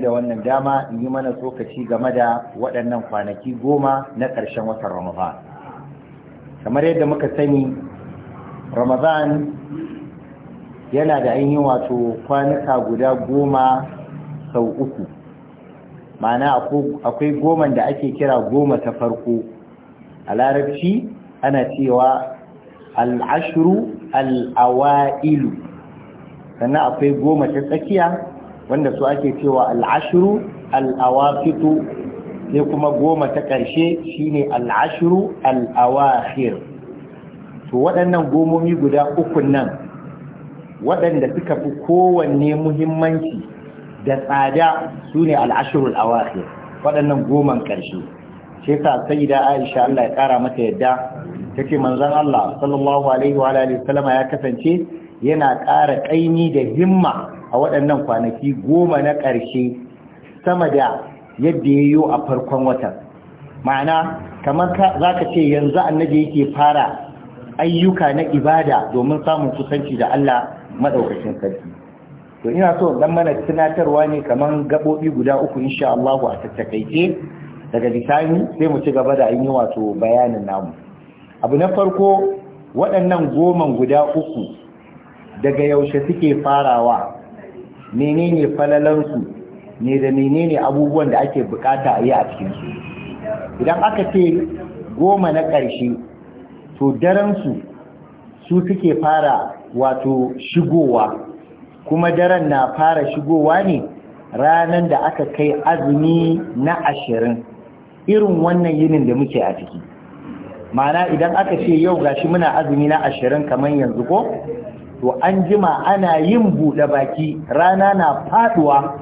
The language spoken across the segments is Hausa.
da wannan dama in yi mana tsokaci game da waɗannan kwanaki goma na ƙarshen watan Ramadan. Kamar yadda muka sani, Ramadan yana da ainihin wato kwanuka guda goma sau uku. Ma'ana akwai goman da ake kira goma ta farko. A larabci ana cewa al'ashru al'awa'ilu. Sannan akwai goma ta tsakiya wanda su ake cewa al'ashiru al'awafitu sai kuma goma ta ƙarshe shine al'ashiru al'awahir to waɗannan gomomi guda uku nan waɗanda suka fi kowanne muhimmanci da tsada su ne al'ashiru al'awahir waɗannan goman ƙarshe sai sa sai da aisha Allah ya ƙara mata yadda ta ce manzan Allah sallallahu alaihi wa ya kasance yana ƙara ƙaimi da himma a waɗannan kwanaki goma na ƙarshe sama da yadda ya yi a farkon watan ma'ana kamar za ka ce yanzu annabi yake fara ayyuka na ibada domin samun kusanci da Allah maɗaukacin sarki to ina so dan mana tunatarwa ne kamar gaɓoɓi guda uku insha Allah a tattakaice daga bisani sai mu ci gaba da an yi wato bayanin namu abu na farko waɗannan goma guda uku daga yaushe suke farawa menene falalansu ne da menene abubuwan da ake bukata a yi a cikinsu idan aka ce goma na ƙarshe to daransu su suke fara wato shigowa kuma daren na fara shigowa ne ranan da aka kai azumi na ashirin irin wannan yinin da muke a ciki mana idan aka ce yau gashi muna azumi na ashirin kamar yanzu ko to an jima ana yin buɗe baki rana na faduwa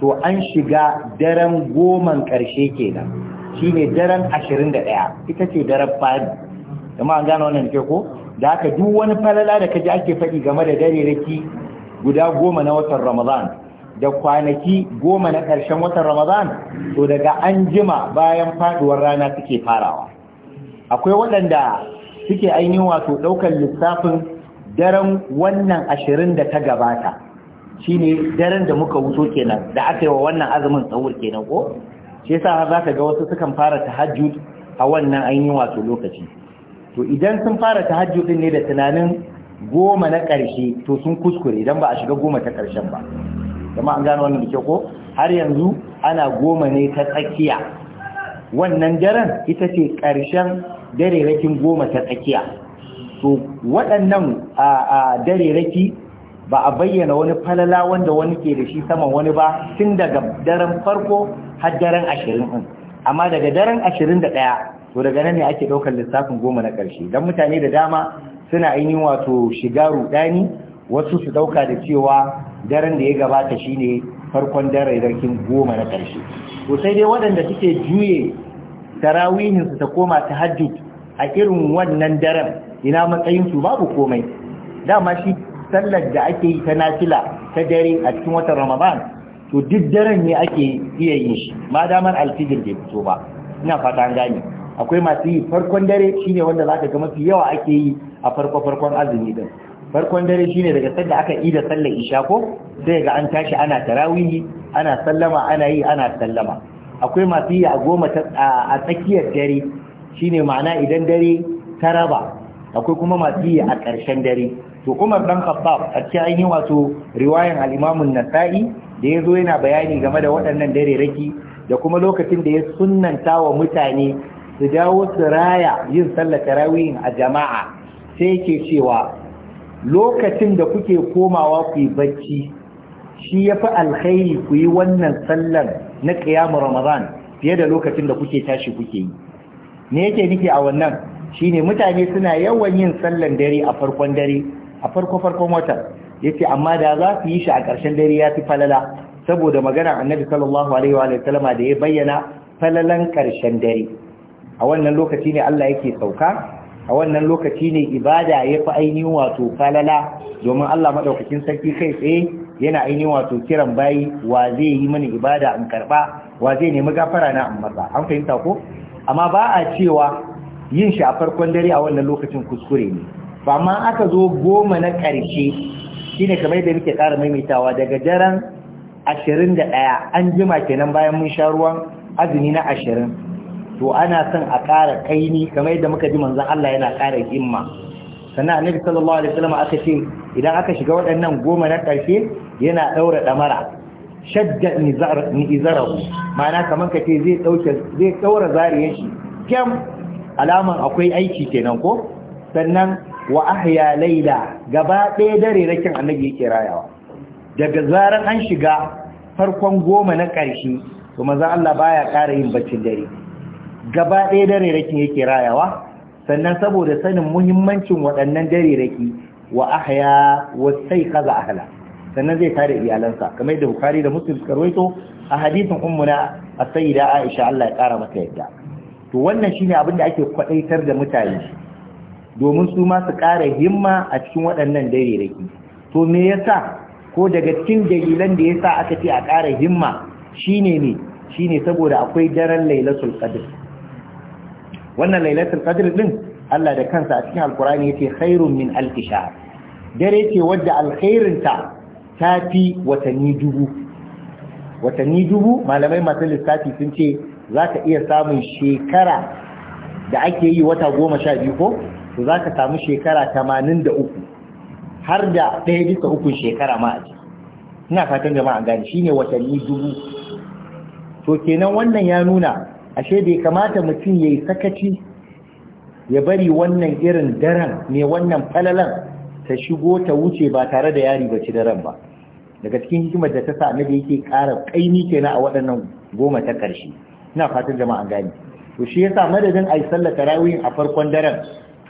to an shiga daren goman ƙarshe kenan shine daren ashirin da ɗaya ita ce daren fadi kuma an gano wannan ke ko da haka duk wani falala da ka ji ake faɗi game da dare raki guda goma na watan ramadan da kwanaki goma na ƙarshen watan ramadan to daga an jima bayan faduwar rana suke farawa akwai waɗanda suke ainihin wato ɗaukar lissafin daren wannan ashirin da ta gabata shi ne daren da muka wuto kenan da aka yi wa wannan azumin tsawur kenan ko shi yasa har ka ga wasu sukan fara tahajjud a wannan ainihin wato lokaci to idan sun fara tahajjud din ne da tunanin goma na ƙarshe to sun kuskure idan ba a shiga goma ta ƙarshen ba kuma an gano wannan da ko har yanzu ana goma ne ta tsakiya wannan daren ita ce ƙarshen darerakin goma ta tsakiya so waɗannan a dareraki ba a bayyana wani falala wanda wani ke da shi saman wani ba tun daga daren farko har daren ashirin ɗin amma daga daren ashirin da ɗaya to daga nan ne ake ɗaukar lissafin goma na ƙarshe don mutane da dama suna ainihin wato shiga ruɗani wasu su ɗauka da cewa daren da ya gabata shine farkon darerakin goma na ƙarshe to sai dai waɗanda suke juye tarawihinsu ta koma ta hajjud a irin wannan daren ina matsayin su babu komai dama shi sallar da ake yi ta nafila ta dare a cikin watan ramadan to duk daren ne ake iya yin shi ma damar alfijir bai fito ba ina fata an gane akwai masu yi farkon dare shine wanda zaka ga mafi yawa ake yi a farko farkon azumi din farkon dare shine daga sanda aka yi da sallar isha ko sai ga an tashi ana tarawihi ana sallama ana yi ana sallama akwai masu yi a goma a tsakiyar dare Shi ne ma'ana idan dare ta raba akwai kuma masu yi a ƙarshen dare to Umar ɗan Khattab a cikin ainihin wato riwayan al'imamun imam nasai da ya zo yana bayani game da waɗannan dare raki da kuma lokacin da ya sunanta wa mutane su dawo su raya yin sallar tarawihin a jama'a sai yake cewa lokacin da kuke komawa ku yi bacci shi ya fi alkhairi ku yi wannan sallar na ƙiyamu ramadan fiye da lokacin da kuke tashi kuke yi me yake nufi a wannan shine mutane suna yawan yin sallan dare a farkon dare a farko farkon wata ce, amma da za su yi shi a ƙarshen dare ya fi falala saboda magana annabi sallallahu alaihi wa sallama da ya bayyana falalan ƙarshen dare a wannan lokaci ne Allah yake sauka a wannan lokaci ne ibada ya fi ainihin wato falala domin Allah madaukakin sarki kai tsaye yana ainihin wato kiran bayi wa zai yi mini ibada in karba wa zai nemi gafara na in matsa an fahimta ko amma ba a cewa yin shi a farkon dare a wannan lokacin kuskure ne ba ma aka zo goma na ƙarshe shine kamar da muke ƙara maimaitawa daga daren ashirin da ɗaya an jima kenan bayan mun sha ruwan azumi na ashirin to ana son a ƙara kaini kamar yadda muka ji manzon Allah yana ƙara himma sannan annabi sallallahu alaihi wasallam aka ce idan aka shiga waɗannan goma na ƙarshe yana ɗaura ɗamara shadda ni'izarahu ma'ana kamar ka ce zai ɗauke zai ɗaura zariyar shi kyam alaman akwai aiki kenan ko sannan wa ahya laila gaba ɗaya dare rakin annabi yake rayawa daga zaran an shiga farkon goma na ƙarshe to maza Allah baya ƙara yin baccin dare gaba ɗaya dare rakin yake rayawa sannan saboda sanin muhimmancin waɗannan dare raki wa ahya wa sai kaza ahla sannan zai kare iyalansa kamar da bukari da muslim suka rawaito a hadisin ummuna a sayyida aisha Allah ya kara mata yadda to wannan shine abin da ake kwadaitar da mutane domin su ma su kara himma a cikin waɗannan daidaiki to me yasa ko daga cikin dalilan da yasa aka ce a kara himma shine ne shine saboda akwai daren lailatul qadr wannan lailatul qadr din Allah da kansa a cikin alkurani yace khairun min alf shahr dare ce wadda ta ta watanni dubu watanni dubu malamai masu lissafi sun ce za ka iya samun shekara da ake yi wata goma sha biyu ko to za ka samu shekara tamanin da uku har da ɗaya bisa ukun shekara ma a ina fatan jama'a gani shine watanni dubu to kenan wannan ya nuna ashe bai kamata mutum ya yi sakaci ya bari wannan irin daren ne wannan falalan ta shigo ta wuce ba tare da yari ba ci daren ba daga cikin hikimar da ta sa annabi yake ƙara ƙaimi kenan a waɗannan goma ta ƙarshe ina fatan jama'a gani to shi yasa madadin yi sallar tarawih a farkon daren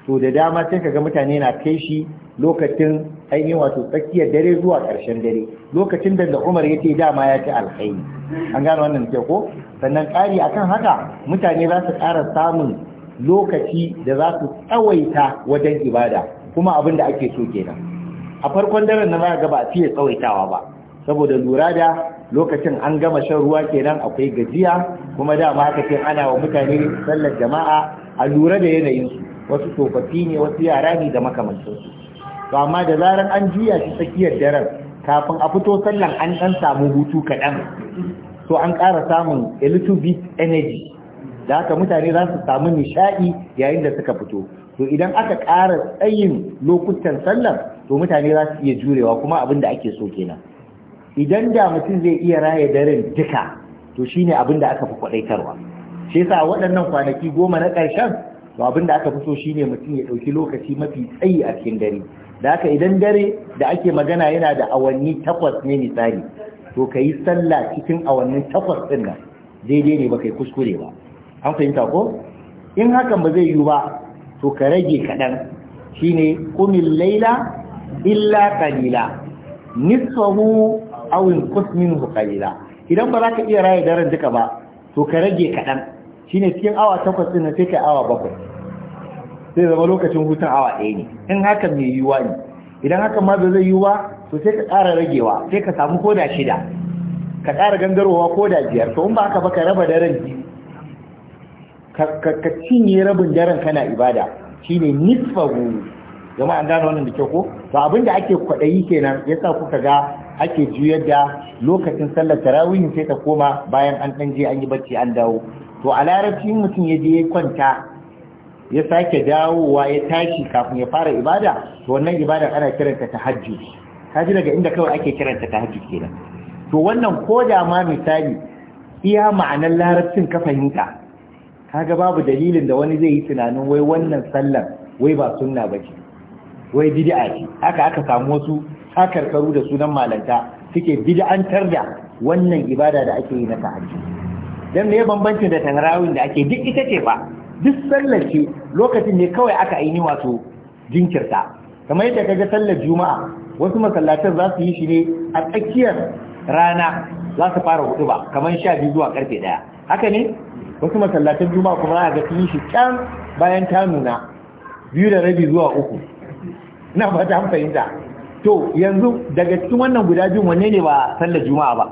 to da dama sai kaga mutane na kai shi lokacin ainihin wato tsakiyar dare zuwa ƙarshen dare lokacin da Umar ya ce dama ya ci alkhairi an gano wannan ke ko sannan ƙari akan haka mutane za su ƙara samun lokaci da za su tsawaita wajen ibada kuma abin da ake so kenan a farkon daren na za ga ba a fiye tsawaitawa ba saboda lura da lokacin an gama shan ruwa kenan akwai gajiya kuma dama haka ce ana wa mutane sallar jama'a a lura da yanayin su, wasu tsofaffi ne wasu yara ne da makamancinsu to amma da zarar an juya shi tsakiyar daren kafin a fito sallan an dan samu hutu kaɗan to an ƙara samun a little bit energy da haka mutane za su samu nishaɗi yayin da suka fito to idan aka ƙara tsayin lokutan sallar to mutane za su iya jurewa kuma abin da ake so kenan idan da mutum zai iya raya daren duka to shine abin da aka fi kwadaitarwa shi yasa waɗannan kwanaki goma na ƙarshen to abin da aka fi so shine mutum ya ɗauki lokaci mafi tsayi a cikin dare da haka idan dare da ake magana yana da awanni takwas ne misali to ka yi sallah cikin awanni takwas ɗin nan daidai ne ba kai kuskure ba an fahimta ko in hakan ba zai yiwu ba to ka rage kaɗan shine kumin laila illa kalila nisfahu aw inqus minhu qalila idan ba za ka iya raye daren duka ba to ka rage kaɗan shine cikin awa takwas din sai ka awa bakwai sai zama lokacin hutun awa ɗaya ne in haka mai yiwuwa ne idan haka ma ba zai yiwuwa to sai ka ƙara ragewa sai ka samu koda shida ka ƙara gangarowa koda biyar to in ba haka ba ka raba daren ka cinye rabin daren kana ibada shine nisfahu zama an gane wannan da kyau ko to abin da ake kwaɗayi kenan yasa kuka ga ake juyar da lokacin sallar tarawih sai ta koma bayan an ɗan je an yi bacci an dawo to a larabci mutum ya je ya kwanta ya sake dawowa ya tashi kafin ya fara ibada to wannan ibada ana kiranta ta tahajjud kaji daga inda kawai ake kiranta tahajjud kenan to wannan ko da ma misali iya ma'anar larabcin ka fahimta kaga babu dalilin da wani zai yi tunanin wai wannan sallar wai ba sunna ba ce wai bid'a ce haka aka samu wasu takarkaru da sunan malanta suke bid'antar da wannan ibada da ake yi na tahajjud dan me bambanci da tarawih da ake duk ita ce fa duk sallar ce lokacin ne kawai aka aini wato jinkirta kamar yadda kaga sallar juma'a wasu masallatan za su yi shi ne a tsakiyar rana za su fara hudu ba kamar sha biyu zuwa karfe daya haka ne wasu masallatan juma'a kuma za a ga su yi shi can bayan ta nuna biyu da rabi zuwa uku na fata an fahimta to yanzu daga cikin wannan guda biyu wanne ne ba sallar juma'a ba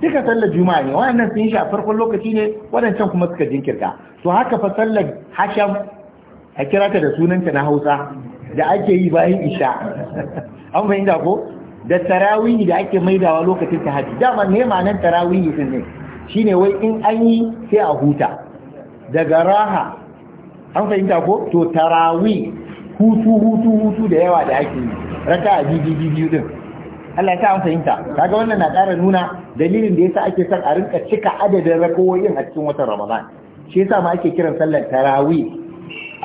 duka sallar juma'a ne wannan sun shi a farkon lokaci ne wadancan kuma suka jinkirta to haka fa sallar hasham a kira ta da sunanta na hausa da ake yi bayan isha an fahimta ko da tarawihi da ake maidawa lokacin tahajjud dama ne nan tarawihi din ne shine wai in an yi sai a huta daga raha an fahimta ko to tarawih hutu hutu hutu da yawa da ake raka a biyu biyu din Allah ya sa an fahimta kaga wannan na ƙara nuna dalilin da yasa ake son a rinka cika adadin rakawoyin a cikin watan Ramadan shi yasa ma ake kiran sallar tarawih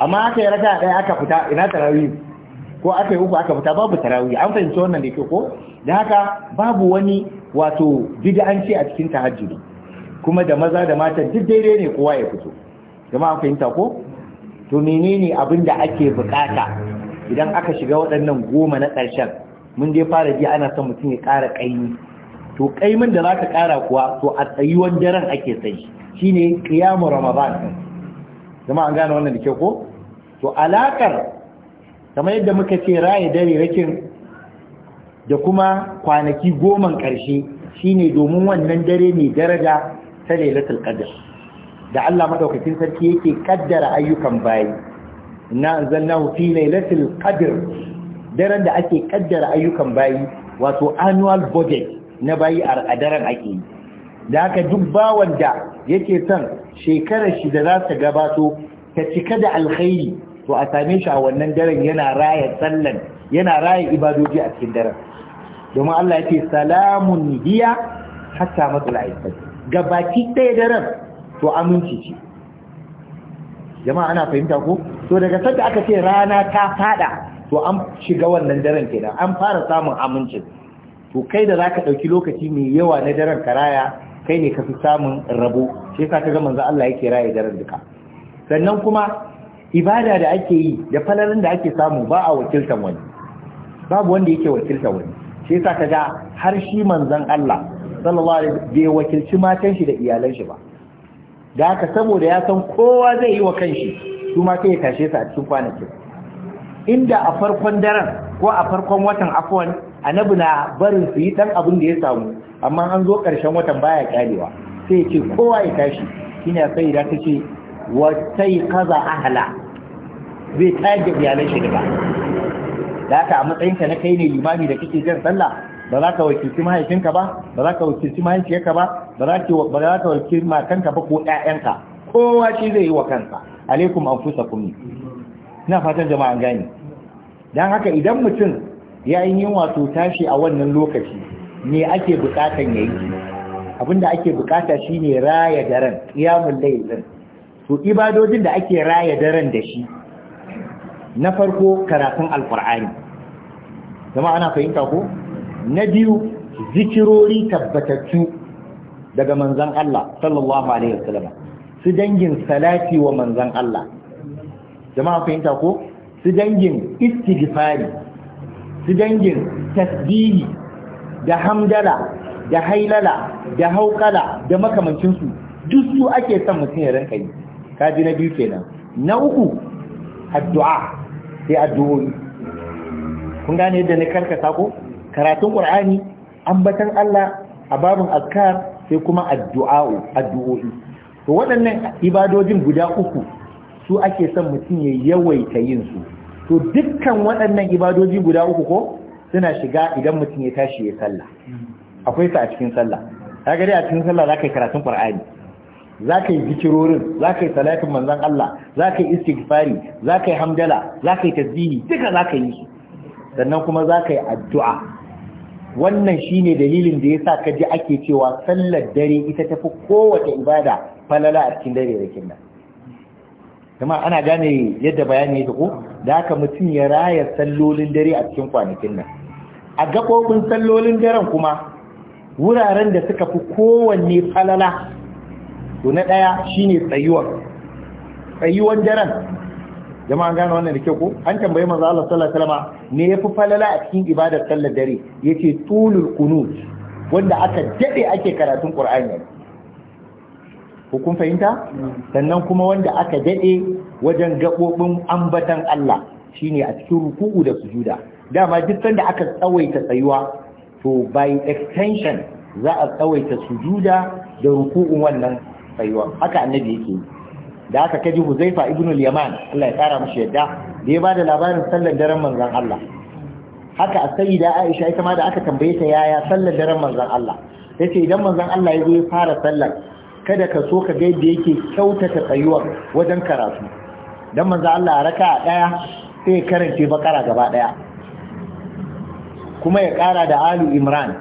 amma aka yi raka ɗaya aka fita ina tarawih ko aka yi uku aka fita babu tarawih an fahimci wannan da ke ko da haka babu wani wato bid'anci a cikin tahajjudi kuma da maza da mata duk daidai ne kowa ya fito jama'a an fahimta ko to menene abin da ake bukata idan aka shiga waɗannan goma na ƙarshen mun dai fara ji ana son mutum ya ƙara ƙaimi to ƙaimin da za ka ƙara kuwa to a tsayuwan daren ake tsayi shine kiyamu ramadan zama an gane wannan da ke ko to alakar kamar yadda muka ce raye dare rakin da kuma kwanaki goman ƙarshe shine domin wannan dare mai daraja ta lailatul qadr da Allah madaukakin sarki yake kaddara ayyukan bayi inna anzalnahu fi lailatul qadr daren da ake kaddara ayyukan bayi wato annual budget na bayi a daren ake yi da haka duk bawan da yake son shekarar shi da za ta gabato ta cika da alkhairi to a same shi a wannan daren yana raya sallan yana raya ibadoji a cikin daren domin Allah ya ce salamun hiya hatta matsala aisar gabaki ɗaya daren to aminci ce jama'a ana fahimta ko to daga sanda aka ce rana ta fada to an shiga wannan daren kenan an fara samun amincin to kai da zaka dauki lokaci mai yawa na daren karaya kai ne ka fi samun rabo sai ka ga manzo Allah yake raye daren duka sannan kuma ibada da ake yi da falalin da ake samu ba a wakiltan wani babu wanda yake wakiltan wani sai ka ga har shi manzon Allah sallallahu alaihi bai wakilci matan shi da iyalan shi ba da haka saboda ya san kowa zai yi wa kanshi su ma sai ya tashe su a cikin kwanakin inda a farkon daren ko a farkon watan afwan annabi na barin su yi dan abin da ya samu amma an zo karshen watan baya karewa sai ya ce kowa ya tashi kina sai da kace wa sai kaza ahla zai tage iyalan shi da ba da haka a matsayin na kai ne limami da kake jan sallah ba za ka wakilci mahaifinka ba ba za ka wakilci mahaifiyarka ba ba za ka wakilci matanka ba ko ƴaƴanka kowa shi zai yi wa kansa alaikum anfusakum kumi. ina fatan jama'a gani dan haka idan mutum ya yi wato tashi a wannan lokaci me ake bukatan yayi abinda ake bukata shine raya daren qiyamul layl to ibadojin da ake raya daren da shi na farko karatun alqur'ani jama'a ana fahimta ko na biyu zikirori tabbatattu daga manzan Allah sallallahu alaihi wasallam su dangin salati wa manzan Allah jama'a fahimta ko su dangin istighfari su dangin tasbihi da hamdala da hailala da haukala da makamancinsu duk su ake son mutum ya rinka yi kaji na biyu kenan na uku addu'a sai addu'o'i kun gane yadda na karkata ko karatun qur'ani ambatan Allah a babin azkar sai kuma addu'a addu'o'i to waɗannan ibadojin guda uku su ake son mutum ya yawaita yin su to dukkan waɗannan ibadoji guda uku ko suna shiga idan mutum ya tashi ya sallah akwai sa a cikin sallah kaga dai a cikin sallah zaka yi karatun qur'ani zaka yi zikirorin zaka yi salatin manzon Allah zaka yi istighfari zaka yi hamdala zaka yi tasbihi duka zaka yi sannan kuma za ka yi addu'a wannan shi ne dalilin da ya sa ka ji ake cewa sallar dare ita tafi kowace ibada falala a cikin dare da nan kuma ana gane yadda bayani ya ko da haka mutum ya raya sallolin dare a cikin kwanakin nan a gaɓoɓin sallolin daren kuma wuraren da suka fi kowanne falala to na ɗaya shine tsayuwar tsayuwar daren jama'an gane wannan da kyau an tambayi manzo Allah sallallahu alaihi wasallam ne yafi falala a cikin ibadar sallar dare yace tulul qunut wanda aka dade ake karatun qur'ani ku kun fahimta sannan kuma wanda aka dade wajen gabobin ambatan Allah shine a cikin ruku'u da sujuda dama duk sanda aka tsawaita tsayuwa to by extension za a tsawaita sujuda da ruku'un wannan tsayuwa haka annabi yake yi da aka kaji huzaifa ibn al-yaman Allah ya kara mashi yadda da ya bada labarin sallar daren manzon Allah haka a sayyida aisha ita ma da aka tambaye ta yaya sallar daren manzon Allah tace idan manzon Allah ya zo ya fara sallar kada ka so ka ga yadda yake kyautata tsayuwar wajen karatu dan manzon Allah raka'a daya sai ya karanta bakara gaba daya kuma ya kara da alu imran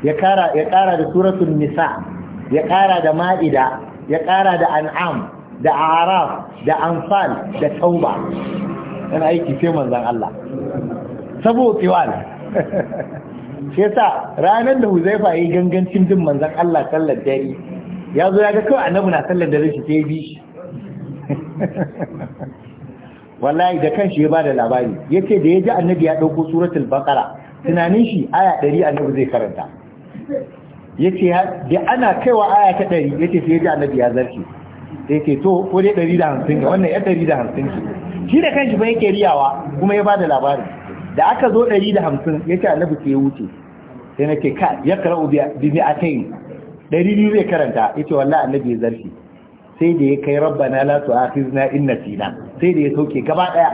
ya kara ya kara da suratul nisa ya kara da ma'ida ya kara da an'am da araf da anfal da tauba yana aiki sai manzan Allah sabo tiwal shi yasa ranar da huzaifa yi gangancin din manzan Allah sallar dare ya zo ya ga kawai annabi na sallar dare shi sai bi wallahi da kanshi ya bada labari yace da ya ji annabi ya dauko suratul baqara tunanin shi aya 100 annabi zai karanta yace da ana kaiwa aya ta 100 yace sai ya ji annabi ya zarce da yake to ko dai ɗari da hamsin ga wannan ya ɗari da hamsin ce shi da kanshi ba yake riyawa kuma ya bada labari da aka zo ɗari da hamsin ya ce annabi ke wuce sai na ce ka ya karau bi mi atai ɗari biyu zai karanta ya ce wallahi annabi ya zarfi sai da ya kai rabbana la akhizna in nasina sai da ya sauke gaba ɗaya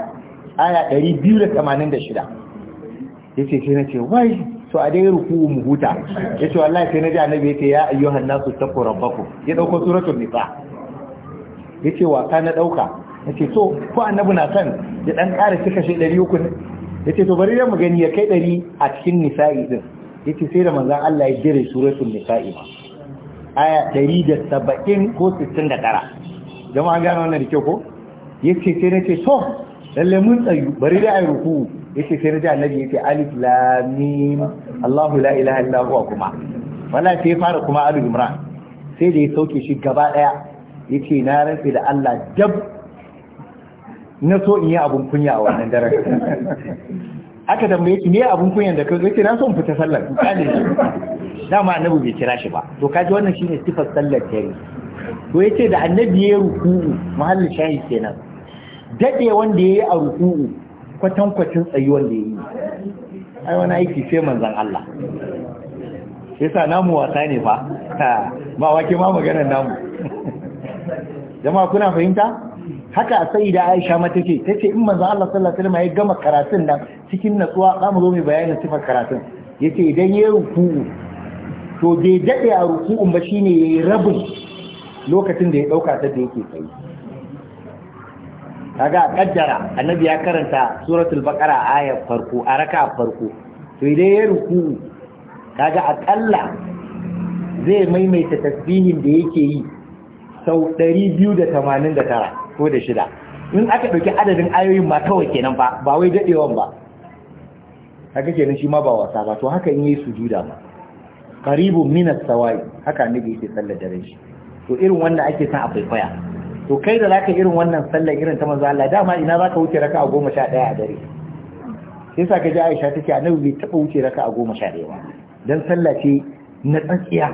aya ɗari biyu da tamanin da shida ya ce sai na ce wai to a dai ruku mu huta ya ce wallahi sai na ji annabi ya ce ya ayyuhan nasu taqu rabbakum ya dauko suratul nisa ya yace wasa na ɗauka yace to ko annabu na san ya ɗan ƙara cika shi ya yace to bari da mu gani ya kai ɗari a cikin nisa'i din yace sai da manzan Allah ya jere suratun nisa'i ma aya da saba'in ko sittin da 69 jama'a gano wannan da kyau ko yace sai na ce to lallai mun tsayu bari da ayi ruku yace sai na naji annabi ya ce alif lamim Allahu la ilaha kuma wala sai fara kuma alu imran sai da ya sauke shi gaba ɗaya ce na rantsi da Allah dab na so in yi abun kunya a wannan daren aka da mai ne abun kunya da kai yace na so in fita sallar kane dama annabi bai kira shi ba to kaji wannan shine sifar sallar tare to yace da annabi ya ruku mahallin shahi kenan dade wanda yayi a kwatan kwatankwacin tsayuwan da yayi ai wani aiki sai manzon Allah yasa namu wasa ne fa ba wake ma maganar namu jama'a kuna fahimta haka sai da Aisha ma take tace in manzo Allah sallallahu alaihi wasallam ya gama karatun nan cikin natsuwa zamu zo mu bayyana sifar karatun yace idan ya ruku to bai dade a ruku'un ba shine yayi rabin lokacin da ya dauka ta da yake tsaye kaga kaddara annabi ya karanta suratul baqara aya farko a raka farko to idan ya ruku kaga akalla zai maimaita tasbihin da yake yi sau 289 ko da shida in aka ɗauki adadin ayoyin ma kawai kenan ba ba wai daɗewan ba haka kenan shi ma ba wasa ba to haka in yi juda ma qaribun minas as-sawa'i haka annabi yake sallar dare shi to irin wannan ake san a faifaya to kai da zaka irin wannan sallar irin ta manzo Allah dama ina zaka wuce raka a goma sha ɗaya a dare sai sa ka ji Aisha take annabi bai taɓa wuce raka a goma sha ɗaya ba dan sallah ce na tsakiya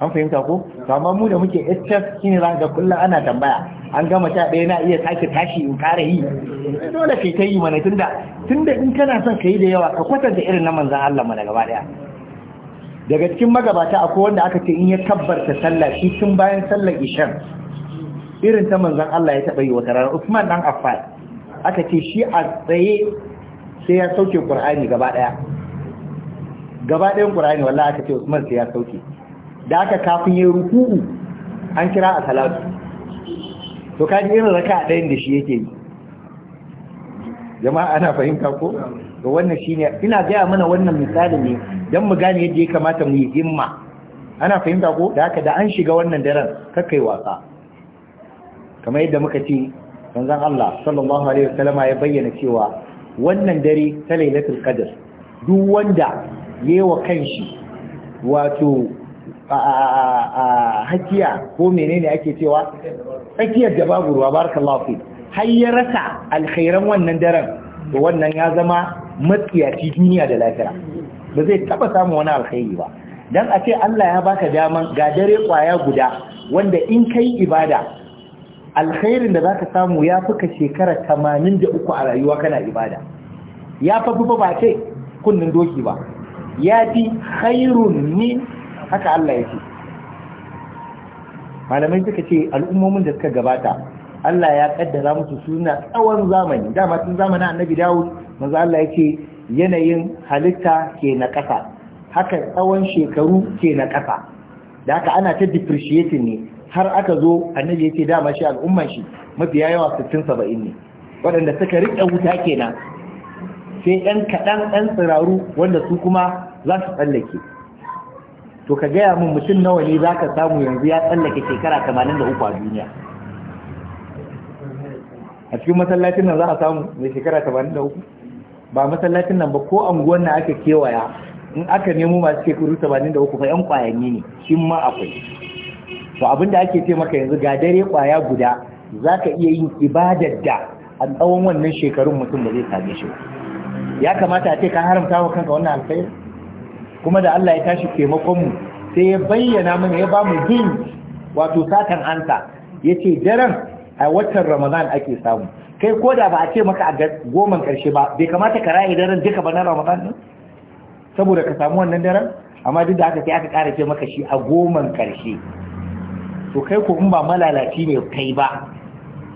an fahimta ko amma mu da muke excess shine za ga kullum ana tambaya an gama sha ɗaya na iya sake tashi in kare yi dole kai ta yi mana tunda tunda in kana son ka yi da yawa ka kwatanta irin na manzan Allah mana gaba daya daga cikin magabata akwai wanda aka ce in ya tabbarta sallah shi tun bayan sallar ishan irin ta manzan Allah ya taɓa yi wata rana Usman dan Affan aka ce shi a tsaye sai ya sauke Qur'ani gaba daya gaba ɗayan Qur'ani wallahi aka ce Usman sai ya sauke da aka kafin ya ruku'u an kira a salatu to kaji irin raka ɗayan da shi yake yi jama'a ana fahimta ko to wannan shine ina gaya mana wannan misali ne don mu gane yadda ya kamata mu yi himma ana fahimta ko da aka da an shiga wannan daren kakai wasa kamar yadda muka ce manzon Allah sallallahu alaihi wasallama ya bayyana cewa wannan dare ta lailatul qadr duk wanda yayi wa kanshi wato hakiya ko menene ake cewa tsakiyar da babu ruwa barka fi har ya rasa alkhairan wannan daren to wannan ya zama matsiyaci duniya da lafiya ba zai taba samu wani alkhairi ba dan a ce Allah ya baka daman ga dare kwaya guda wanda in kai ibada alkhairin da zaka samu ya fuka shekara 83 a rayuwa kana ibada ya fa ba ce kunnin doki ba ya fi khairun min haka Allah yake malamai suka ce al'ummomin da suka gabata Allah ya kaddara musu suna tsawon zamani dama tun zamanin annabi Dawud manzo Allah yake yanayin halitta ke na ƙasa haka tsawon shekaru ke na ƙasa da haka ana ta depreciating ne har aka zo annabi yake dama shi al'umman shi mafi yawa 60 70 ne waɗanda suka riƙe wuta kenan sai ɗan kaɗan ɗan tsiraru wanda su kuma za su tsallake to ka gaya min mutum nawa ne za ka samu yanzu ya tsallake shekara tamanin da uku a duniya a cikin masallacin nan za a samu mai shekara tamanin da uku? ba masallacin nan ba ko anguwan na aka kewaya in aka nemo masu shekaru tamanin da uku fa yan kwayanni ne shi ma akwai to abin da ake ce maka yanzu ga dare kwaya guda za ka iya yin ibadar da a tsawon wannan shekarun mutum ba zai same shi ba ya kamata a ce ka haramta wa kanka wannan alkhairi kuma da Allah ya tashi taimakon mu sai ya bayyana mana ya ba mu din wato satan ansa yace daren a watan Ramadan ake samu kai ko da ba a ce maka a goman karshe ba bai kamata ka raye daren duka ba na Ramadan ne saboda ka samu wannan daren amma duk da haka sai aka ƙara ce maka shi a goman karshe to kai ko in ba malalaci ne kai ba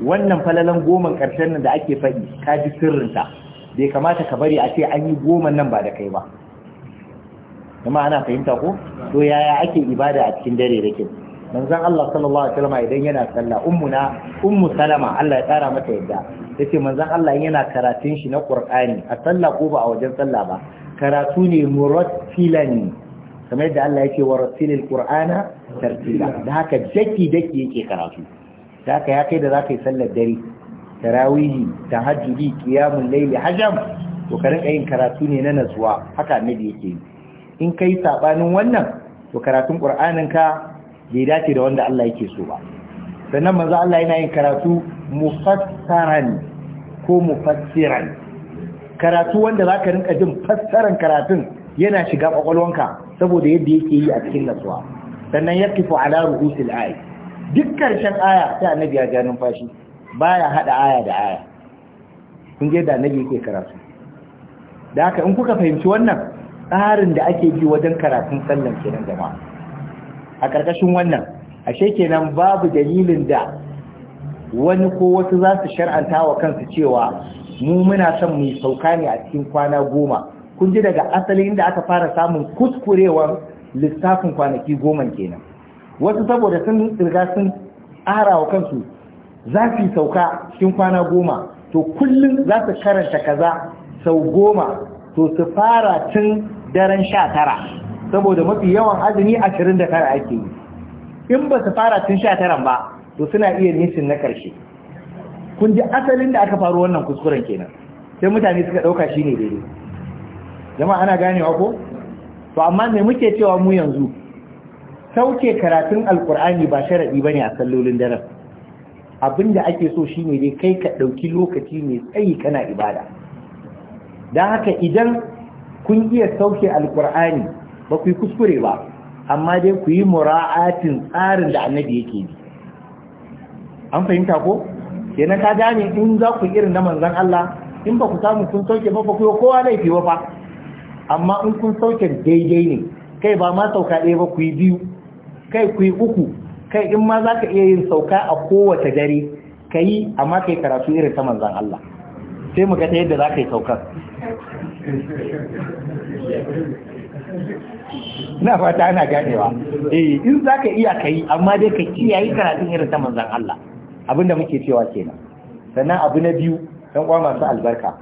wannan falalan goman karshen nan da ake faɗi ka ji sirrinta bai kamata ka bari a ce an yi goman nan ba da kai ba kuma ana fahimta ko to yaya ake ibada a cikin dare rake manzon Allah sallallahu alaihi wasallam idan yana sallah ummuna ummu salama Allah ya tsara mata yadda yace manzon Allah yana karatun shi na Qur'ani a sallah ko ba a wajen sallah ba karatu ne murattilan kamar yadda Allah yake wa rattilil qur'ana tartila da haka daki daki yake karatu da haka ya kai da zaka yi sallar dare tarawihi tahajjudi qiyamul layli hajam to karin yin karatu ne na natsuwa haka annabi yake yi in kai sabanin wannan to karatun qur'anin ka bai dace da wanda Allah yake so ba sannan manzo Allah yana yin karatu mufassaran ko mufassiran karatu wanda zaka rinka jin fassaran karatun yana shiga kwakwalwanka saboda yadda yake yi a cikin nasuwa sannan yaqifu ala ru'usil ayi duk karshen aya sai annabi ya ja numfashi baya hada aya da aya kun je da annabi yake karatu da haka in kuka fahimci wannan tsarin da ake bi wajen karatun sallan kenan jama'a a ƙarƙashin wannan ashe kenan babu dalilin da wani ko wasu za su shar'anta wa kansu cewa mu muna son mu sauka ne a cikin kwana goma kun ji daga asalin da aka fara samun kuskurewar lissafin kwanaki goma kenan wasu saboda sun riga sun ƙara wa kansu za su sauka cikin kwana goma to kullum za su karanta kaza sau goma to su fara tun daren sha tara saboda mafi yawan azumi ashirin da tara ake yi in ba su fara tun sha taran ba to suna iya nishin na ƙarshe kun ji asalin da aka faru wannan kuskuren kenan sai mutane suka ɗauka shi ne daidai Zama ana ganewa ko to amma mai muke cewa mu yanzu sauke karatun alkur'ani ba sharaɗi ba ne a sallolin daren abin da ake so shi ne dai kai ka ɗauki lokaci mai tsayi kana ibada don haka idan kun iya sauke alkur'ani ba ku yi kuskure ba amma dai ku yi mura'atin tsarin da annabi yake yi. an fahimta ko kenan ka gane in za ku irin na manzon Allah in ba ku samu kun sauke ba ba ku kowa laifi ba amma in kun sauke daidai ne kai ba ma sauka ɗaya ba ku yi biyu kai ku yi uku kai in ma za ka iya yin sauka a kowace dare ka yi amma kai karatu irin ta manzon Allah sai mu ga ta yadda za ka yi saukar na fata ana ganewa eh in zaka iya kai amma dai ka kiyaye karatun irin ta Manzan Allah abinda muke cewa kenan sannan abu na biyu dan kwa masu albarka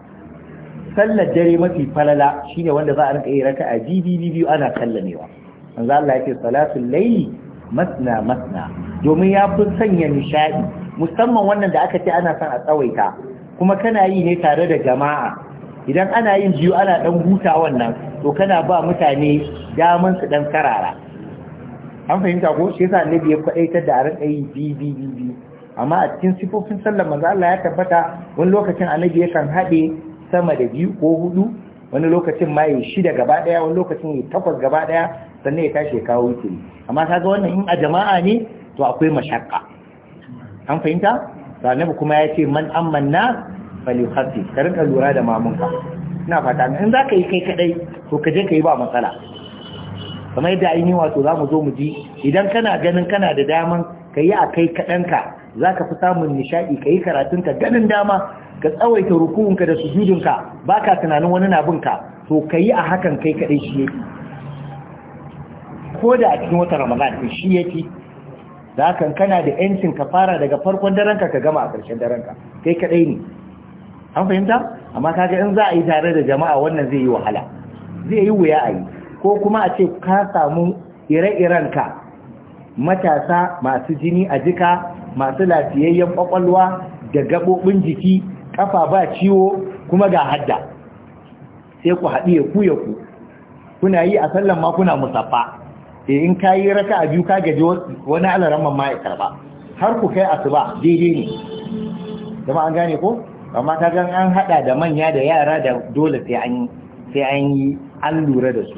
sallar dare mafi falala shine wanda za a rinka yi raka'a bibi biyu ana sallamewa manzo Allah yake salatul layli masna masna domin ya fi sanya nishadi musamman wannan da aka ce ana son a tsawaita kuma kana yi ne tare da jama'a idan ana yin biyu ana ɗan huta wannan to kana ba mutane daman su dan karara an fahimta ko shi yasa annabi ya faɗaitar da a rinka yi bi bi bi amma a cikin sifofin sallar manzo Allah ya tabbata wani lokacin annabi kan haɗe sama da biyu ko hudu wani lokacin ma ya shida gaba daya wani lokacin ya takwas gaba daya sannan ya tashi ya kawo amma kaga wannan in a jama'a ne to akwai mashakka an fahimta to annabi kuma ya ce man amanna falyukhaffi ka rinka lura da mamunka ina fata in za ka yi kai kadai to ka je ka yi ba matsala kamar yadda aini wato za mu zo mu ji idan kana ganin kana da daman ka yi a kai kaɗanka za ka fi samun nishaɗi ka yi ka ganin dama ka tsawaita rukunka da sujudinka ba ka tunanin wani na binka to ka yi a hakan kai kaɗai shi yake ko da a cikin watan ramadan ɗin shi yake Za kana da yancin ka fara daga farkon daren ka ka gama a ƙarshen ka. kai kaɗai ne an fahimta amma kaga in za a yi tare da jama'a wannan zai yi wahala zai yi wuya a yi ko kuma a ce ka samu ire-iren ka matasa masu jini a jika masu lafiyayyen kwakwalwa da gaɓoɓin jiki kafa ba ciwo kuma ga hadda sai ku haɗu ya ku ya ku kuna yi a sallan ma kuna musaffa eh, in ka yi raka a biyu ka gaji wani alaran mamma ya karba har ku kai asuba daidai ne Jama'an gane ko amma ka gan an hada da manya da yara da dole sai an sai an yi an lura da su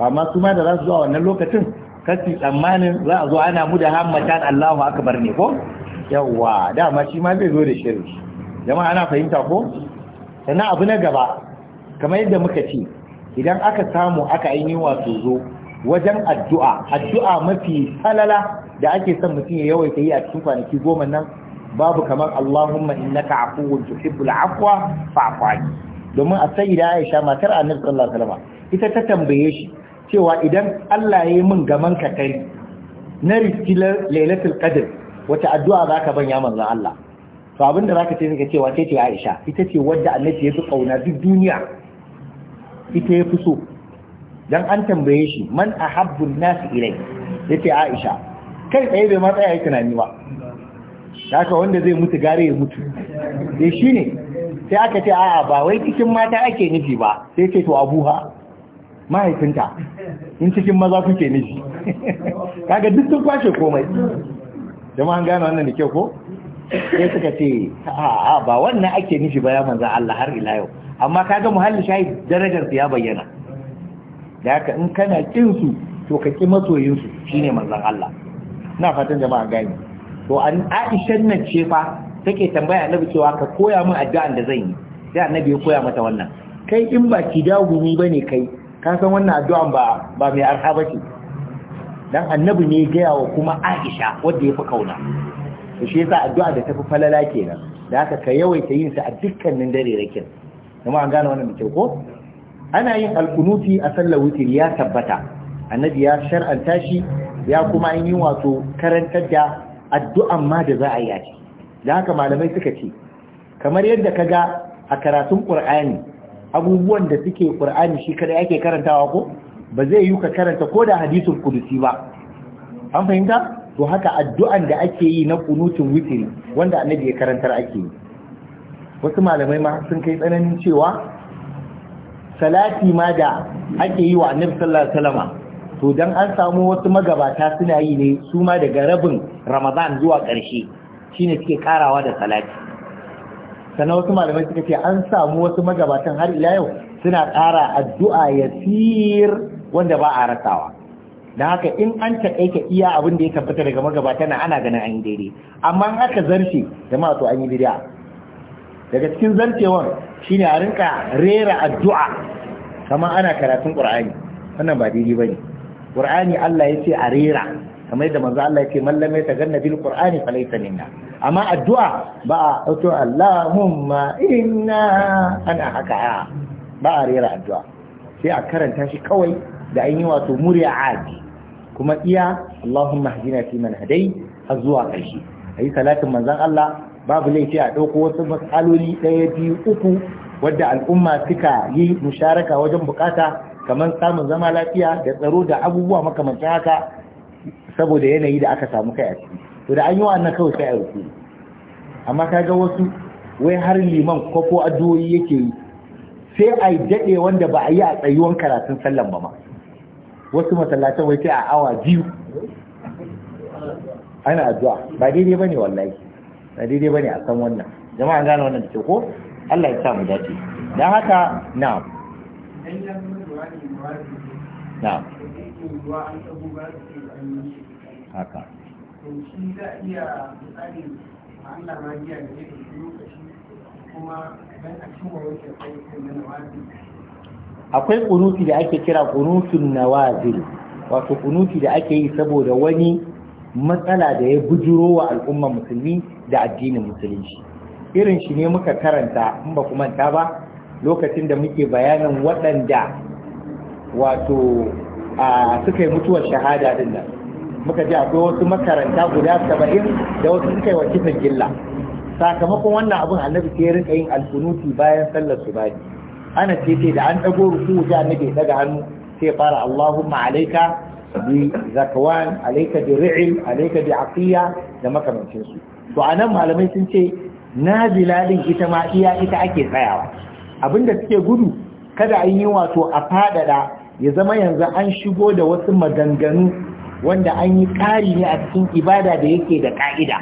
amma su da za su zuwa wannan lokacin kasi tsammanin za a zo ana mu da hammatan Allahu akbar ne ko yawa dama shi ma zai zo da shirin jama'a ana fahimta ko sannan abu na gaba kamar yadda muka ce idan aka samu aka ainihin wato zo wajen addu'a addu'a mafi falala da ake son mutum ya yawaita yi a cikin kwanaki goma nan babu kamar Allahumma innaka afuwun tuhibbul afwa fa'fu anni domin a sayyida Aisha matar Annabi sallallahu alaihi wasallam ita ta tambaye shi cewa idan Allah ya yi min gaman ka kai na riski lailatul qadr wata addu'a zaka ban ya manzon Allah to abinda zaka ce suka cewa ce ce Aisha ita ce wadda Annabi ya fi kauna duk duniya ita ya fi so dan an tambaye shi man ahabbun nas ilai yace Aisha kai tsaye bai ma tsaya tunani ba Da aka wanda zai mutu gare ya mutu dai eh, shi ne sai aka ce a'a ba wai cikin mata ake nufi ba sai ce to abuha mahaifinta in cikin maza kuke nufi kaga duk sun kwashe komai jama'an gane wannan da kyau ko sai suka ce a'a ba wannan ake nufi ba ya manzan Allah har ila yau amma kaga muhalli shahid darajar ya bayyana da haka in kana kin su to ka ki masoyin su shine manzan Allah ina fatan jama'a gane to an aishan nan ce fa take tambaya annabi cewa ka koya min addu'an da zan yi sai annabi ya koya mata wannan kai in ba ki dagumi bane kai ka san wannan addu'an ba ba mai arha bace dan annabi ne ya gaya kuma Aisha wanda yafi kauna to shi yasa addu'a da tafi falala kenan da haka ka yawaita yin sa a dukkanin dare rakin kuma an gane wannan mutum ko ana yin alkunuti a sallar wutir ya tabbata annabi ya shar'anta shi ya kuma yi wato karantar da addu'an ma da za a yi a ciki da haka malamai suka ce kamar yadda ka ga a karatun ƙur'ani abubuwan da suke ƙur'ani shi kada ake karantawa ko ba zai yi ka karanta ko da hadisun kudusi ba an fahimta to haka addu'an da ake yi na kunutun witiri wanda annabi ya karantar ake yi wasu malamai ma sun kai tsananin cewa salati ma da ake yi wa annabi sallallahu alaihi wasallama to dan an samu wasu magabata suna yi ne su ma daga rabin ramadan zuwa ƙarshe shine suke karawa da salati sannan wasu malamai suka ce an samu wasu magabatan har ila yau suna ƙara addu'a ya sir wanda ba a rasawa don haka in an taƙaita iya abin da ya tabbata daga magabata na ana ganin an yi daidai amma in aka zarce jama'a to an yi bid'a daga cikin zarcewan shine a rinka rera addu'a kamar ana karatun ƙur'ani, wannan ba daidai bane qur'ani Allah yace a rera kamar yadda manzo Allah yake man lam yataganna bil qur'ani falaysa minna amma addu'a ba a to Allahumma inna ana haka ba a rera addu'a sai a karanta shi kawai da an yi wato murya aji kuma iya Allahumma hdina fi man hadai har zuwa ƙarshe ayi salatin manzon Allah babu laifi a dauko wasu matsaloli ɗaya biyu uku wadda al'umma suka yi musharaka wajen bukata kamar samun zama lafiya da tsaro da abubuwa makamancin haka saboda yanayi da aka samu kai a ciki to da an yi wa'annan kawai sai a rufe amma ka ga wasu wai har liman kwafo addu'o'i yake yi sai a yi daɗe wanda ba a yi a tsayuwan karatun sallan ba ma wasu masallacin wai sai a awa biyu ana addu'a ba daidai bane wallahi ba daidai bane a san wannan jama'a gane wannan da ko Allah ya sa mu dace dan haka na'am haka akwai kunuti da ake kira kunutun nawazir wato kunuti da ake yi saboda wani matsala da ya bujuro wa al'umma musulmi da addinin musulunci irin shi ne muka karanta in ba kuma ta ba lokacin da muke bayanin waɗanda wato a suka yi mutuwar shahada din nan muka ji akwai wasu makaranta guda saba'in da wasu suka yi wa kifin gilla sakamakon wannan abin annabi ke ya rinka yin alkunuti bayan sallar su subahi ana ce ce da an dago ruku da annabi daga hannu sai fara Allahumma alaika bi zakwan alaika bi ri'il alaika bi aqiya da makamancin su to nan malamai sun ce nazila din ita ma iya ita ake tsayawa abinda suke gudu kada an yi wato a faɗaɗa. ya zama yanzu an shigo da wasu maganganu wanda an yi ƙari ne a cikin ibada da yake da ƙa'ida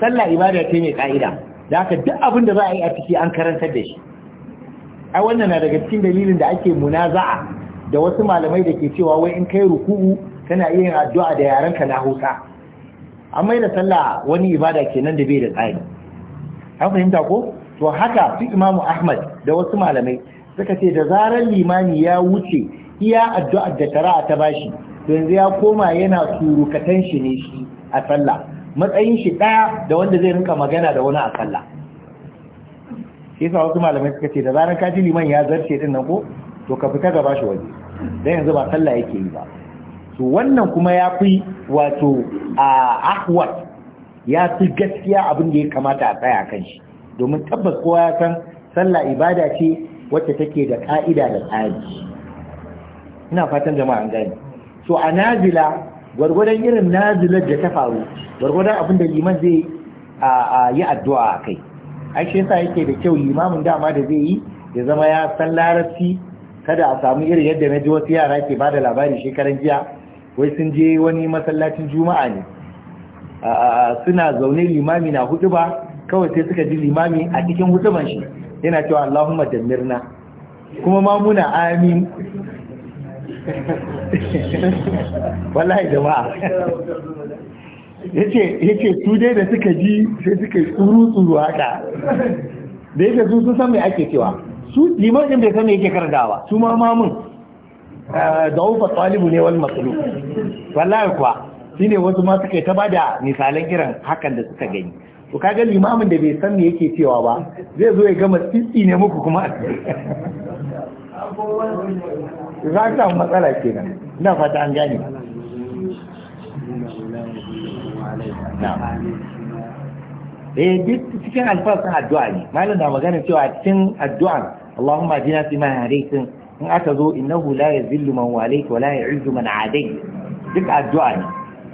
sallah ibada ce mai ƙa'ida da haka duk abin da za a yi a ciki an karantar da shi ai wannan na daga cikin dalilin da ake munaza'a da wasu malamai da ke cewa wai in kai ruku'u kana iya yin addu'a da yaran ka na Hausa amma da sallah wani ibada kenan da bai da tsari an fahimta ko to haka su Imam Ahmad da wasu malamai suka ce da zarar limami ya wuce iya addu'ar da shari'a ta bashi to yanzu ya koma yana surukatan shi ne shi a sallah matsayin shi ɗaya da wanda zai rinka magana da wani a sallah shi yasa wasu malamai suka ce da zarar ka ji liman ya zarce din nan ko to ka fita gaba shi waje dan yanzu ba sallah yake yi ba to wannan kuma ya fi wato a ahwat ya fi gaskiya abin da ya kamata a tsaya kan shi domin tabbas kowa ya san sallah ibada ce wacce take da ka'ida da tsari ina fatan jama'an gani. gane so a nazila gwargwadon irin nazilar da ta faru gwargwadon abin da liman zai yi addu'a a kai ai shi yasa yake da kyau limamin dama da zai yi ya zama ya san larabci kada a samu irin yadda na ji wasu yara ke bada labari shekaran jiya wai sun je wani masallacin juma'a ne suna zaune limami na hudu ba kawai sai suka ji limami a cikin huduban shi yana cewa Allahumma mirna. kuma ma muna amin wallahi jama'a ya ce su dai da suka ji sai suka tsuru-tsuru haka da yake su sun san mai ake cewa su liman ɗin bai san mai yake kardawa su ma mamun eh, da ufa talibu ne wani matsalo wallahi kuwa shi ne wasu ma suka yi ta bada misalan irin hakan da suka gani to kaga limamin da bai san me yake cewa ba zai zo ya gama tsitsi ne muku kuma a za a samu matsala kenan na fata an gane eh duk cikin alfasan addu'a ne malam da magana cewa cikin addu'a Allahumma jina fi ma hadaitin in aka zo innahu la yazillu man walayt wa la yu'izzu man adayt duk addu'a ne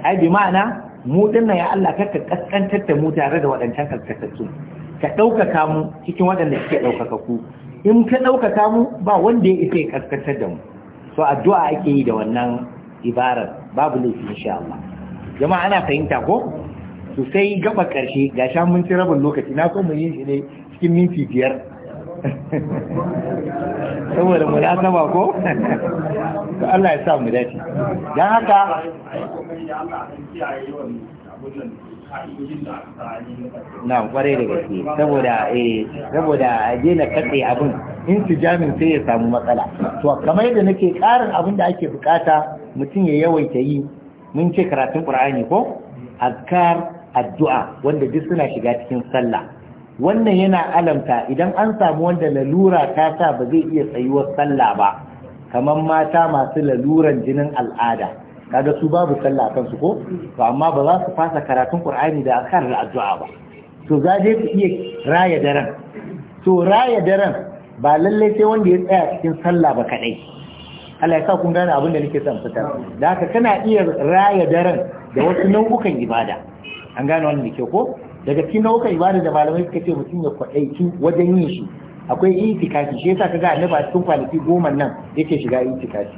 ai bi ma'ana mu dinnan ya Allah ka kaskantar da mu tare da waɗancan kaskatattu ka ɗaukaka mu cikin waɗanda suke ɗaukaka ku in ka ɗaukaka mu ba wanda ya isa ya kaskantar da mu so addu'a ake yi da wannan ibarar babu laifi insha Allah jama'a ana fahimta ko to sai gaba karshe ga sha mun ci rabin lokaci na so mu yi shi ne cikin minti biyar saboda mu ba ko to Allah ya sa mu dace dan haka na kwarai da gaske saboda eh saboda a daina katse abin in tijamin sai ya samu matsala to kamar yadda nake karin abin da ake bukata mutum ya yawaita yi mun ce karatun qur'ani ko azkar addu'a wanda duk suna shiga cikin sallah wannan yana alamta idan an samu wanda lalura ta sa ba zai iya tsayuwar sallah ba kamar mata masu laluran jinin al'ada kaga su babu sallah akan su ko to amma ba za su fasa karatun Qur'ani da akan da addu'a ba to za dai ku iya raya daren to raya daren ba lallai sai wanda ya tsaya cikin sallah ba kadai Allah ya sa kun gane abin da nake son fita da haka kana iya raya daren da wasu nau'ukan ibada an gane wannan da ke ko daga cikin nau'ukan ibada da malamai suka ce mutum ya kwaɗaici wajen yin shi akwai itikafi shi yasa kaga annabi a cikin kwanaki goma nan yake shiga itikafi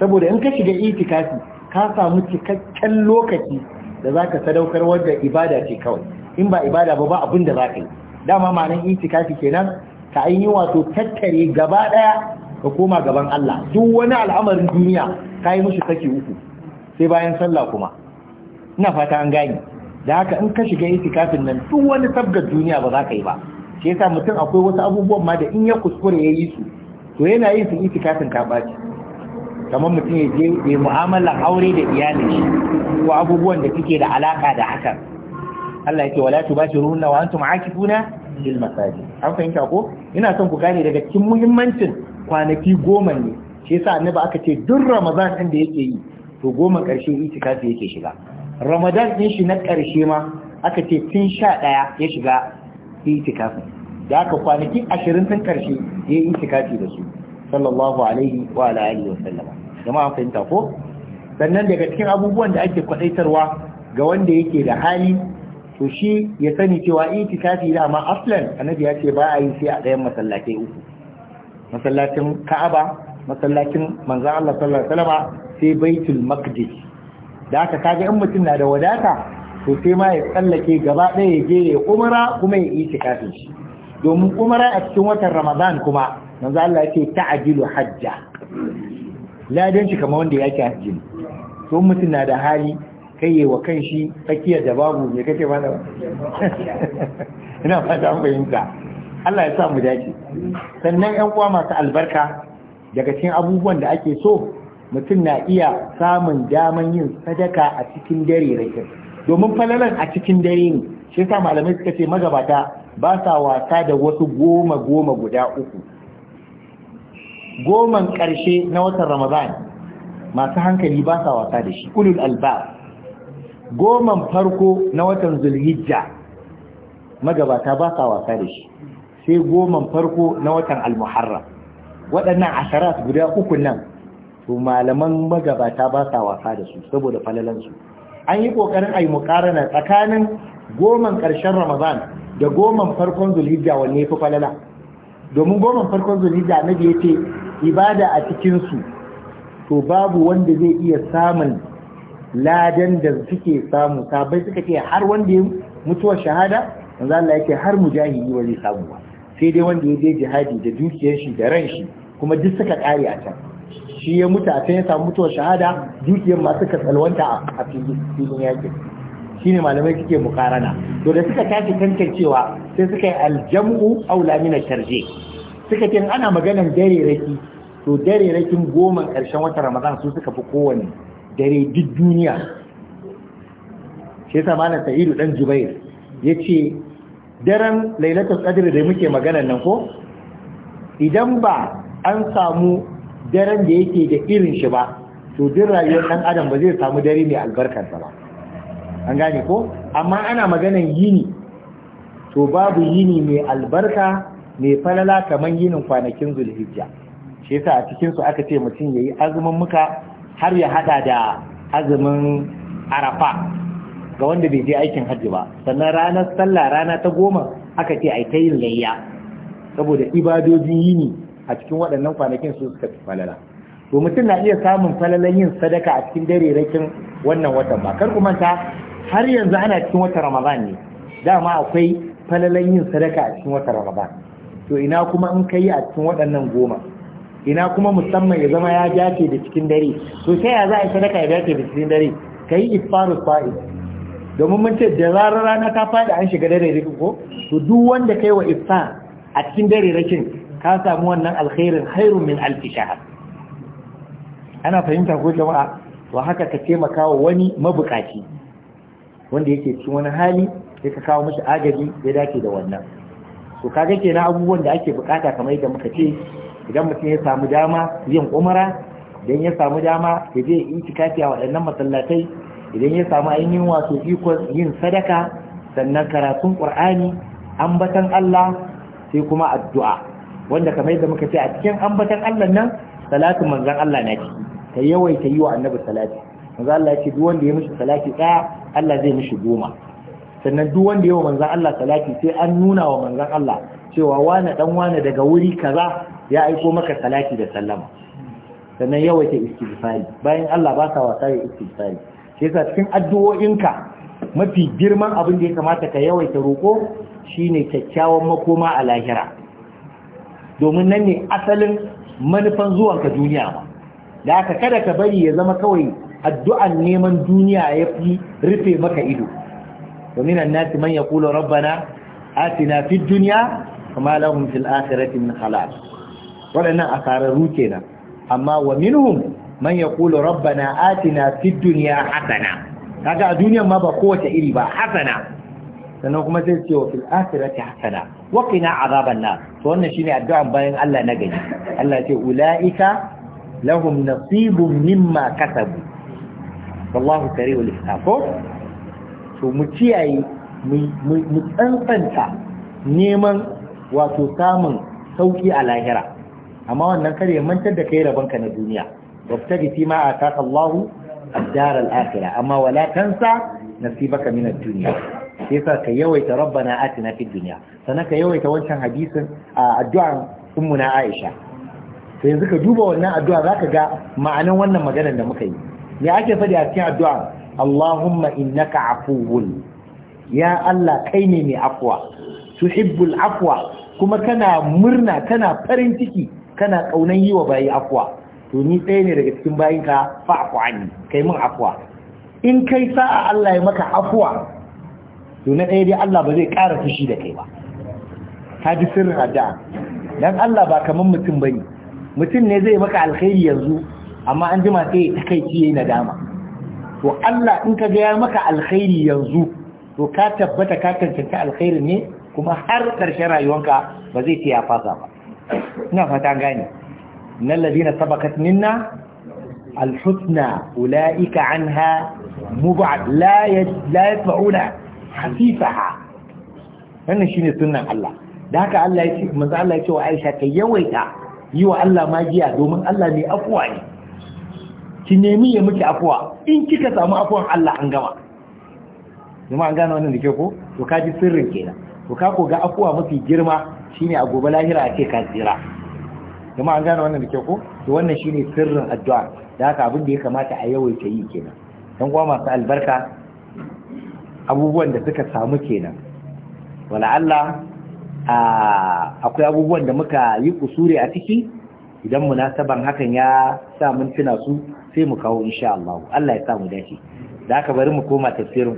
saboda in ka shiga itikafi ka samu cikakken lokaci da za ka sadaukar wadda ibada ce kawai in ba ibada ba ba abin da za ka yi dama ma'anin itikafi kenan ka an yi wato tattare gaba daya ka koma gaban Allah duk wani al'amarin duniya ka yi mushi saki uku sai bayan sallah kuma ina fata an gani da haka in ka shiga itikafin nan duk wani sabgar duniya ba za ka yi ba shi yasa mutum akwai wasu abubuwan ma da in ya kuskure ya yi su to yana yin su itikafin ka baci kamar mutum ya je ya mu'amala aure da iyalin shi ko abubuwan da suke da alaka da hakan Allah ya ce wala tubashiruhunna wa antum aakifuna fil masajid an fahimta ko ina son ku gane daga cikin muhimmancin kwanaki goma ne shi yasa annabi aka ce duk ramadan din da yake yi to goma karshe itikafi yake shiga ramadan din shi na karshe ma aka ce tun sha ɗaya ya shiga itikafin da aka kwanaki ashirin sun karshe ya yi itikafi da su sallallahu alaihi wa alihi wa sallama jama'a fahimta ko sannan daga cikin abubuwan da ake kwadaitarwa ga wanda yake da hali to shi ya sani cewa itikafi da ma aslan annabi ya ce ba a yi sai a ɗayan masallatai uku masallacin Ka'aba masallacin manzon Allah sallallahu alaihi sai Baitul Maqdis da aka kaga in mutum na da wadata to sai ma ya tsallake gaba ɗaya ya je ya umara kuma ya itikafi shi domin umara a cikin watan Ramadan kuma manzo Allah yake ce ta'jilu hajja dan shi kamar wanda yake hajji to mutum na da hali kai yi wa kan shi tsakiyar da babu me kake ba da ina fata an fahimta Allah ya sa mu dace sannan ɗan uwa masu albarka daga cikin abubuwan da ake so mutum na iya samun daman yin sadaka a cikin dare rakin domin falalan a cikin dare ne shi yasa malamai suka ce magabata ba sa wasa da wasu goma goma guda uku goman ƙarshe na watan ramadan masu hankali ba sa wasa da shi ulul albab goman farko na watan zulhijja magabata ba sa wasa da shi sai goman farko na watan almuharram waɗannan asharat guda uku nan to malaman magabata ba sa wasa da su saboda falalansu an yi ƙoƙarin a yi muƙarana tsakanin goman ƙarshen ramadan da goman farkon zulhijja wanne fi falala domin goma farkon zulhijja annabi ya ce ibada a cikinsu to babu wanda zai iya samun ladan da suke samu sabai suka ce har wanda ya mutuwar shahada wanda Allah yake har mujahidi wani zai samu sai dai wanda ya je jihadi da dukiyar shi da ran shi kuma duk suka kare a can shi ya mutu a can ya samu mutuwar shahada dukiyar masu katsalwanta a filin yakin shine malamai suke mukarana to da suka tashi tantancewa sai suka yi aljam'u aula min tarje. suka ce ana maganan dare raki to dare rakin goma karshen watan ramadan su suka fi kowanne dare duk duniya shi yasa malam sa'idu dan jubair yace daren lailatul qadr da muke magana nan ko idan ba an samu daren da yake da irin shi ba to duk rayuwar dan adam ba zai samu dare mai albarkarsa ba an gane ko amma ana maganan yini to babu yini mai albarka mai falala kamar yinin kwanakin zulhijja shi yasa a cikin su aka ce mutum yayi azumin muka har ya hada da azumin arafa ga wanda bai je aikin hajji ba sannan ranar sallah rana ta goma aka ce ai ta yin layya saboda ibadojin yini a cikin waɗannan kwanakin su suka fi falala to mutum na iya samun falalan yin sadaka a cikin dare rakin wannan watan ba kar ku manta har yanzu ana cikin wata ramadan ne dama akwai falalan yin sadaka a cikin wata ramadan to ina kuma in ka yi a cikin waɗannan goma ina kuma musamman ya zama ya dace da cikin dare to sai ya za a yi sadaka ya dace da cikin dare ka yi isfaru fa'i domin mun ce da zarar rana ta faɗi an shiga dare rikin ko to duk wanda kai wa ifa a cikin dare rikin ka samu wannan alkhairin khairun min alfi shahar ana fahimta ko jama'a to haka ka taimaka wa wani mabukaci wanda yake cikin wani hali sai ka kawo mashi agaji ya dace da wannan to kaga kenan abubuwan da ake bukata kamar yadda muka ce idan mutum ya samu dama yin umara idan ya samu dama ya je itikafi a waɗannan masallatai idan ya samu ainihin wato ikon yin sadaka sannan karatun qur'ani ambatan Allah sai kuma addu'a wanda kamar yadda muka ce a cikin ambatan Allah nan salatin manzon Allah na ta ka yawaita yi wa annabi salati manzo Allah ya duk wanda ya mishi salati daya Allah zai mishi goma sannan duk wanda ya wa manzon Allah salati sai an nuna wa manzo Allah cewa wane dan wane daga wuri kaza ya aiko maka salati da sallama sannan yawaita istighfari bayan Allah ba sa wasa ya istighfari shi yasa cikin addu'o'inka mafi girman abin da ya kamata ka yawaita roko shine kyakkyawan makoma a lahira domin nan ne asalin manufan zuwanka duniya ba da haka kada ka bari ya zama kawai addu'an neman duniya ya fi rufe maka ido domin annati man yaqulu rabbana na fi duniya. Kuma lahum fil akhirati min khalaq wadannan asararu kenan amma wa minhum man yaqulu rabbana atina fid dunya hasana kaga a duniyar ma ba kowace iri ba hasana sannan kuma sai ce wa fil akhirati hasana wa qina azaban nar to wannan shine addu'an bayan Allah na gani Allah ya ce ulaika lahum nasibun mimma kasabu wallahu sari'ul hisab to mu kiyaye mu tsantsanta neman wato samun sauki a lahira amma wannan kare ya mantar da kai ka na duniya wabtagi fi ma ataka Allah ad-dar al-akhirah amma wala tansa nasibaka min ad-dunya yasa ka yawaita rabbana atina fid dunya sanaka yawaita wancan hadisin a addu'an na Aisha sai yanzu ka duba wannan addu'a zaka ga ma'anan wannan maganar da muka yi ya ake faɗi a cikin addu'a Allahumma innaka afuwul ya Allah kai ne mai afwa tuhibbul afwa kuma kana murna kana farin ciki kana kaunan yi wa bayi afwa to ni ɗaya ne daga cikin ka fa afwani kai min afwa in kai sa'a Allah ya maka afwa to na ɗaya dai Allah ba zai ƙara fushi da kai ba ka ji sirrin addu'a dan Allah ba kaman mutum bane mutum ne zai maka alkhairi yanzu amma an jima sai ya takaici yayi nadama to Allah in ka ga ya maka alkhairi yanzu to ka tabbata ka tantance alkhairi ne kuma har karshen rayuwanka ba zai ce ya fasa ba ina fata gane nan ladina sabakat minna alhusna ulaika anha mubad la la yasmauna hasifaha wannan shine sunnan Allah da haka Allah ya ce manzo Allah ya ce wa Aisha ka yawaita yi wa Allah magiya domin Allah ne afuwa ne ki nemi ya muke afuwa in kika samu afuwan Allah an gama kuma an gane wannan da ke ko to ka ji sirrin kenan to ka ko ga afuwa mafi girma shine a gobe lahira a ce ka tsira kuma an gane wannan da ke ko to wannan shine sirrin addu'a da haka abin da ya kamata a yawaita yi kenan dan kuwa masu albarka abubuwan da suka samu kenan wala Allah akwai abubuwan da muka yi kusure a ciki idan munasaban hakan ya sa mun tuna su sai mu kawo insha Allah Allah ya sa mu dace da aka bari mu koma tafsirin